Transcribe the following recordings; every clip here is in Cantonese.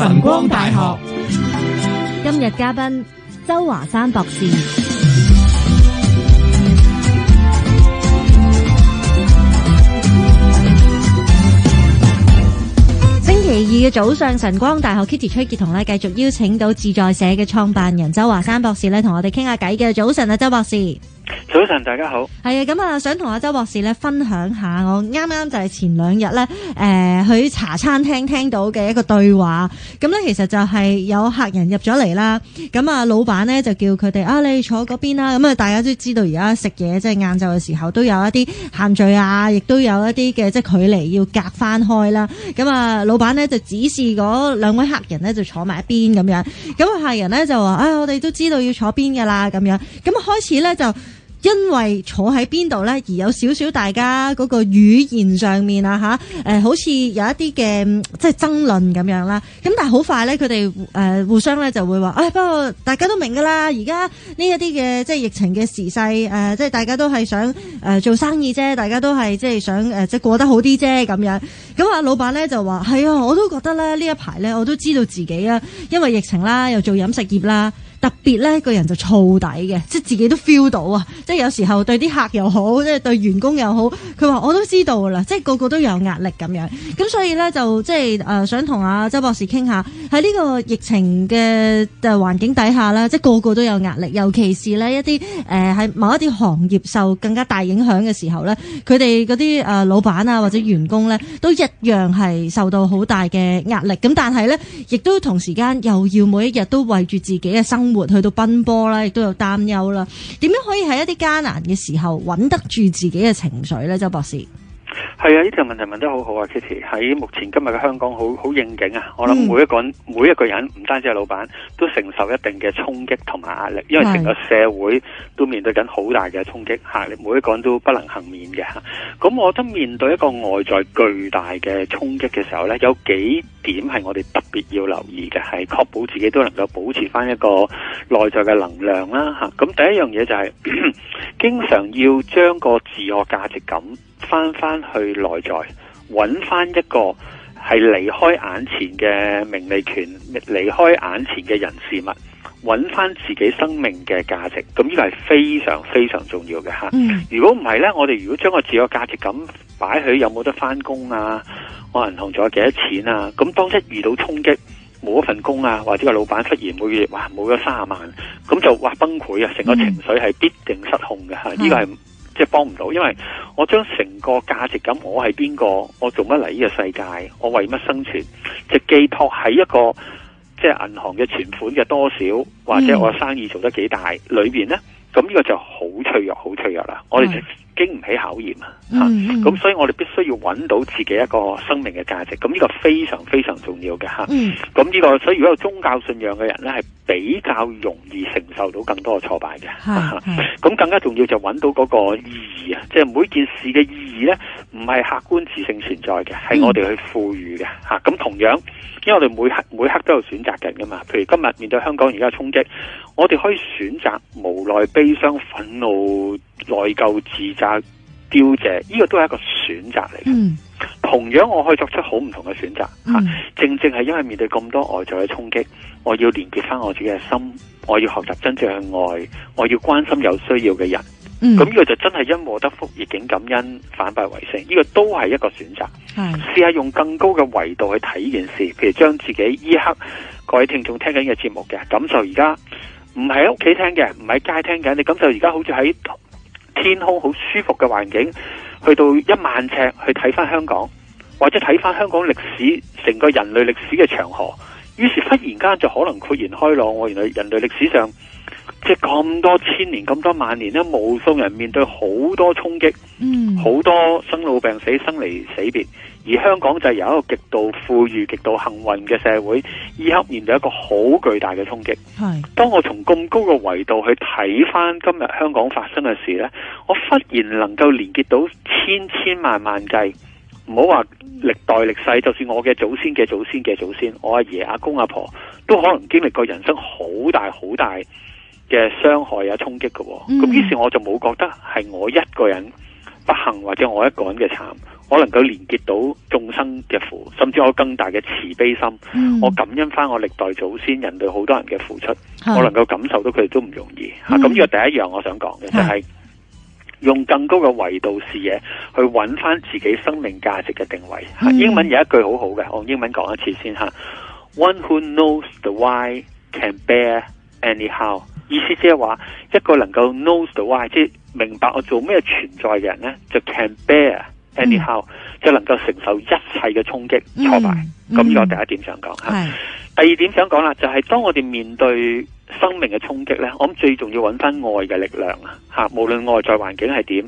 晨光大學今日嘉賓周華山博士。星期二嘅早上，晨光大學 Kitty 崔潔彤咧繼續邀請到自在社嘅創辦人周華山博士咧，同我哋傾下偈嘅。早晨啊，周博士。早晨，大家好。係啊，咁啊，想同阿周博士咧分享下，我啱啱就係前兩日咧，誒、呃，去茶餐廳聽到嘅一個對話。咁咧，其實就係有客人入咗嚟啦。咁啊，老闆咧就叫佢哋啊，你坐嗰邊啦。咁啊，大家都知道而家食嘢即係晏晝嘅時候都有一啲限聚啊，亦都有一啲嘅即係距離要隔翻開啦。咁啊，老闆咧就指示嗰兩位客人咧就坐埋一邊咁樣。咁啊，客人咧就話啊、哎，我哋都知道要坐邊噶啦，咁樣。咁啊，開始咧就。因為坐喺邊度咧，而有少少大家嗰個語言上面啊，吓，誒，好似有一啲嘅即係爭論咁樣啦。咁但係好快咧，佢哋誒互相咧就會話，誒、哎，不過大家都明噶啦。而家呢一啲嘅即係疫情嘅時勢，誒、呃，即係大家都係想誒做生意啫，大家都係即係想誒即係過得好啲啫咁樣。咁啊，老闆咧就話係啊，我都覺得咧呢一排咧，我都知道自己啊，因為疫情啦，又做飲食業啦。特別咧，個人就燥底嘅，即係自己都 feel 到啊！即係有時候對啲客又好，即係對員工又好。佢話：我都知道噶啦，即係個個都有壓力咁樣。咁所以咧，就即係、呃、想同阿周博士傾下喺呢個疫情嘅環境底下呢，即係個個都有壓力，尤其是咧一啲誒喺某一啲行業受更加大影響嘅時候咧，佢哋嗰啲老闆啊或者員工咧都一樣係受到好大嘅壓力。咁但係咧，亦都同時間又要每一日都為住自己嘅生活活去到奔波啦，亦都有擔憂啦。點樣可以喺一啲艱難嘅時候穩得住自己嘅情緒咧？周博士。係啊，呢條問題問得好好啊，Kitty。喺目前今日嘅香港好，好好應景啊！我諗每一個每一個人，唔、嗯、單止係老闆，都承受一定嘅衝擊同埋壓力，因為成個社會都面對緊好大嘅衝擊吓，你每一個人都不能幸免嘅吓。咁，我覺得面對一個外在巨大嘅衝擊嘅時候呢，有幾點係我哋特別要留意嘅，係確保自己都能夠保持翻一個內在嘅能量啦吓。咁第一樣嘢就係、是，經常要將個自我價值感。翻翻去內在，揾翻一個係離開眼前嘅名利權，離開眼前嘅人事物，揾翻自己生命嘅價值。咁呢個係非常非常重要嘅吓。如果唔係呢，我哋如果將個自我價值感擺喺有冇得翻工啊，我銀行仲有幾多錢啊？咁當一遇到衝擊，冇咗份工啊，或者個老闆忽然每月哇冇咗三十萬，咁就哇崩潰啊！成個情緒係必定失控嘅吓。呢個係。即係幫唔到，因為我將成個價值感，我係邊個，我做乜嚟呢個世界，我為乜生存，就寄託喺一個即係銀行嘅存款嘅多少，或者我嘅生意做得幾大，嗯、裏邊呢？咁呢個就好脆弱，好脆弱啦，嗯、我哋。經唔起考驗、嗯嗯、啊！咁所以我哋必須要揾到自己一個生命嘅價值，咁呢個非常非常重要嘅吓。咁、嗯、呢、啊呢個所以如果有宗教信仰嘅人呢，係比較容易承受到更多嘅挫敗嘅。咁、嗯嗯啊、更加重要就揾到嗰個意義啊！即、就、係、是、每件事嘅意義呢，唔係客觀自性存在嘅，係我哋去賦予嘅吓。咁、嗯啊、同樣，因為我哋每刻每刻都有選擇緊噶嘛。譬如今日面對香港而家衝擊，我哋可以選擇無奈、悲傷、憤怒。內疚、自責、凋謝，呢、這個都係一個選擇嚟嘅、嗯。同樣，我可以作出好唔同嘅選擇。吓、嗯啊，正正係因為面對咁多外在嘅衝擊，我要連結返我自己嘅心，我要學習真正去愛，我要關心有需要嘅人。咁、嗯、呢、這個就真係因禍得福，逆境感恩，反敗為勝。呢、這個都係一個選擇。試下用更高嘅維度去睇呢件事，譬如將自己依刻各位聽眾聽緊嘅節目嘅感受現在不在，而家唔係喺屋企聽嘅，唔係喺街聽緊嘅，你感受而家好似喺。天空好舒服嘅環境，去到一萬尺去睇翻香港，或者睇翻香港歷史成個人類歷史嘅長河，於是忽然間就可能豁然開朗，我原來人類歷史上。即係咁多千年咁多萬年咧，無數人面對好多衝擊，嗯，好多生老病死、生離死別。而香港就係由一個極度富裕、極度幸運嘅社會，亦刻面對一個好巨大嘅衝擊。係、mm.，當我從咁高嘅維度去睇翻今日香港發生嘅事咧，我忽然能夠連結到千千萬萬計，唔好話歷代歷世，就算我嘅祖先嘅祖先嘅祖，祖先，我阿爺阿公阿婆都可能經歷過人生好大好大。嘅傷害啊衝擊嘅，咁、嗯、於是我就冇覺得係我一個人不幸，或者我一個人嘅慘，我能夠連結到眾生嘅苦，甚至我更大嘅慈悲心，嗯、我感恩翻，我歷代祖先、人對好多人嘅付出，我能夠感受到佢哋都唔容易。咁呢個、啊、第一樣我想講嘅就係、是、用更高嘅維度視野去揾翻自己生命價值嘅定位、啊。英文有一句好好嘅，我用英文講一次先吓、啊嗯、：One who knows the why can bear anyhow。意思即係話，一個能夠 know 到啊，即係明白我做咩存在嘅人呢，就 can bear anyhow，、嗯、就能夠承受一切嘅衝擊、挫敗。咁呢個第一點想講吓。第二點想講啦，就係、是、當我哋面對生命嘅衝擊呢，我諗最重要揾翻愛嘅力量啊！吓，無論外在環境係點，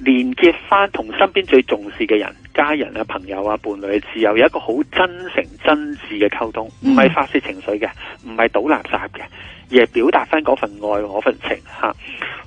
連結翻同身邊最重視嘅人、家人啊、朋友啊、伴侶，自由有一個好真誠、真摯嘅溝通，唔係發洩情緒嘅，唔係倒垃圾嘅。而是表達翻嗰份愛，我份情吓。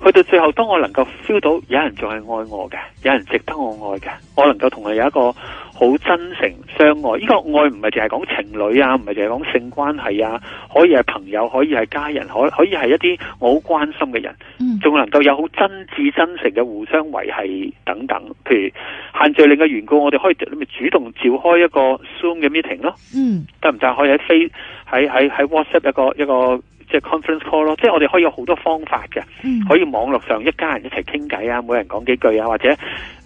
去到最後，當我能夠 feel 到有人仲係愛我嘅，有人值得我愛嘅，我能夠同佢有一個好真誠相愛。呢個愛唔係淨係講情侶啊，唔係淨係講性關係啊，可以係朋友，可以係家人，可以可以係一啲我好關心嘅人，仲能夠有好真摯真誠嘅互相維係等等。譬如限聚令嘅緣故，我哋可以咪主動召開一個 Zoom 嘅 meeting 咯，嗯，得唔得？可以喺飛喺喺喺 WhatsApp 一個一個。即係 conference call 咯，即係我哋可以有好多方法嘅。嗯，可以網絡上一家人一齊傾偈啊，每人講幾句啊，或者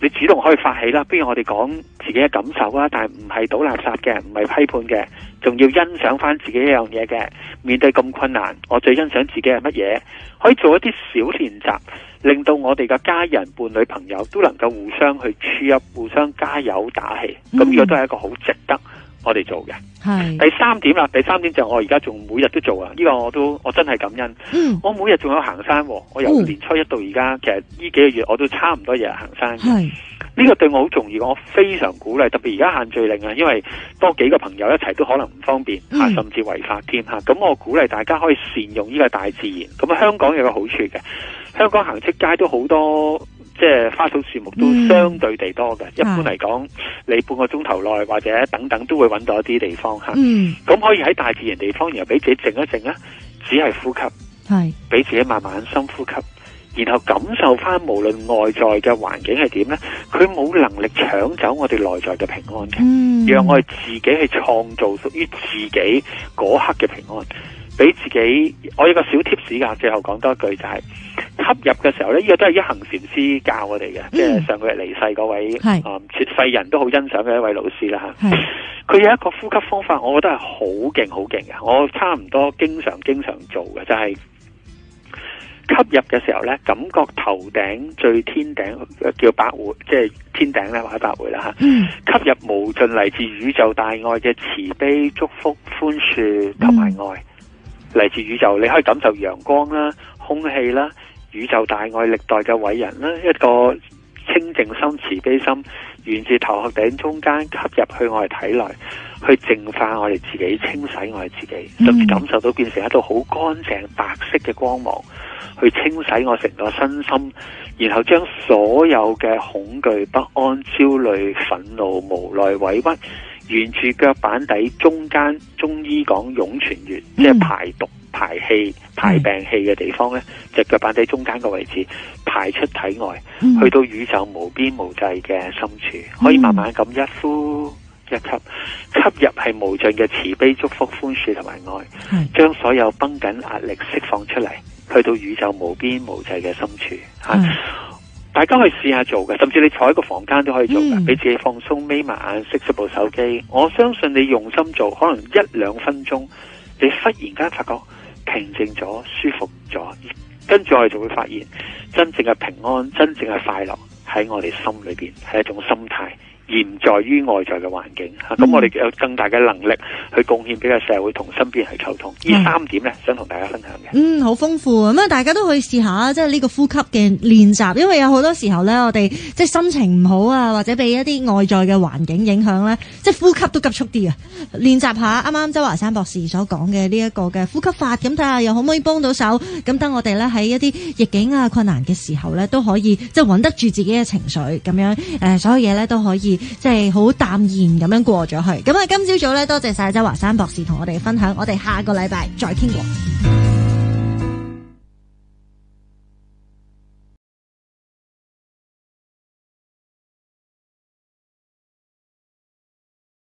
你主動可以發起啦。不如我哋講自己嘅感受啊，但係唔係倒垃圾嘅，唔係批判嘅，仲要欣賞翻自己一樣嘢嘅。面對咁困難，我最欣賞自己係乜嘢？可以做一啲小練習，令到我哋嘅家人、伴侶、朋友都能夠互相去注入、互相加油打氣。咁呢個都係一個好值得。我哋做嘅，係第三點啦。第三點就係我而家仲每日都做啊！呢、呢個我都我真係感恩。嗯，我每日仲有行山、啊，我由年初一到而家，嗯，其實呢幾個月我都差唔多日日行山。係呢、呢個對我好重要，我非常鼓勵。特別而家限聚令啊，因為多幾個朋友一齊都可能唔方便，啊、甚至違法添、啊、吓。咁我鼓勵大家可以善用呢個大自然。咁香港有個好處嘅，香港行出街都好多。即係花草樹木都相對地多嘅，嗯，一般嚟講，嗯，你半個鐘頭內或者等等都會揾到一啲地方吓。咁、嗯、可以喺大自然地方，然後俾自己靜一靜啊，只係呼吸，係俾自己慢慢深呼吸，然後感受翻無論外在嘅環境係點呢？佢冇能力搶走我哋內在嘅平安嘅，嗯，讓我哋自己去創造屬於自己嗰刻嘅平安。俾自己，我有一個小 tips 噶，最後講多一句就係、是、吸入嘅時候呢，呢、這個都係一行禪師教我哋嘅、嗯，即係上個月離世嗰位切世、嗯、人都好欣賞嘅一位老師啦吓。佢有一個呼吸方法，我覺得係好勁好勁嘅，我差唔多經常經常做嘅就係、是、吸入嘅時候呢，感覺頭頂最天頂叫百會，即係天頂咧或者百會啦吓。吸入無盡嚟自宇宙大愛嘅慈悲、祝福、寬恕同埋愛。嗯嚟自宇宙，你可以感受陽光啦、空氣啦、宇宙大愛、歷代嘅偉人啦，一個清淨心、慈悲心，沿住頭殼頂中間吸入去我哋體內，去淨化我哋自己、清洗我哋自己，甚至、嗯、感受到變成一道好乾淨白色嘅光芒，去清洗我成個身心，然後將所有嘅恐懼、不安、焦慮、憤怒、無奈、委屈。沿住腳板底中間，中醫講湧泉穴，即係排毒、嗯、排氣、排病氣嘅地方，呢隻腳板底中間個位置，排出體外，嗯、去到宇宙無邊無際嘅深處，可以慢慢咁一呼一吸，吸入係無盡嘅慈悲、祝福、寬恕同埋愛，將所有繃緊壓力釋放出嚟，去到宇宙無邊無際嘅深處。大家可以試下做嘅，甚至你坐喺個房間都可以做嘅，俾、嗯、自己放鬆，眯埋眼，熄咗部手機。我相信你用心做，可能一兩分鐘，你忽然間發覺平靜咗、舒服咗，跟住我哋就會發現真正嘅平安、真正嘅快樂喺我哋心裏邊，係一種心態。現在於外在嘅環境，咁、嗯、我哋有更大嘅能力去貢獻俾個社會身邊同身邊係溝通。依三點咧，想同大家分享嘅。嗯，好豐富咁啊！大家都可以試下，即係呢個呼吸嘅練習，因為有好多時候咧，我哋即係心情唔好啊，或者俾一啲外在嘅環境影響咧，即係呼吸都急促啲啊！練習下啱啱周華山博士所講嘅呢一個嘅呼吸法，咁睇下又可唔可以幫到手？咁等我哋咧喺一啲逆境啊困難嘅時候咧，都可以即係穩得住自己嘅情緒，咁樣誒，所有嘢咧都可以。即係好淡然咁樣過咗去，咁啊今朝早咧，多謝晒周華山博士同我哋分享，我哋下個禮拜再傾過。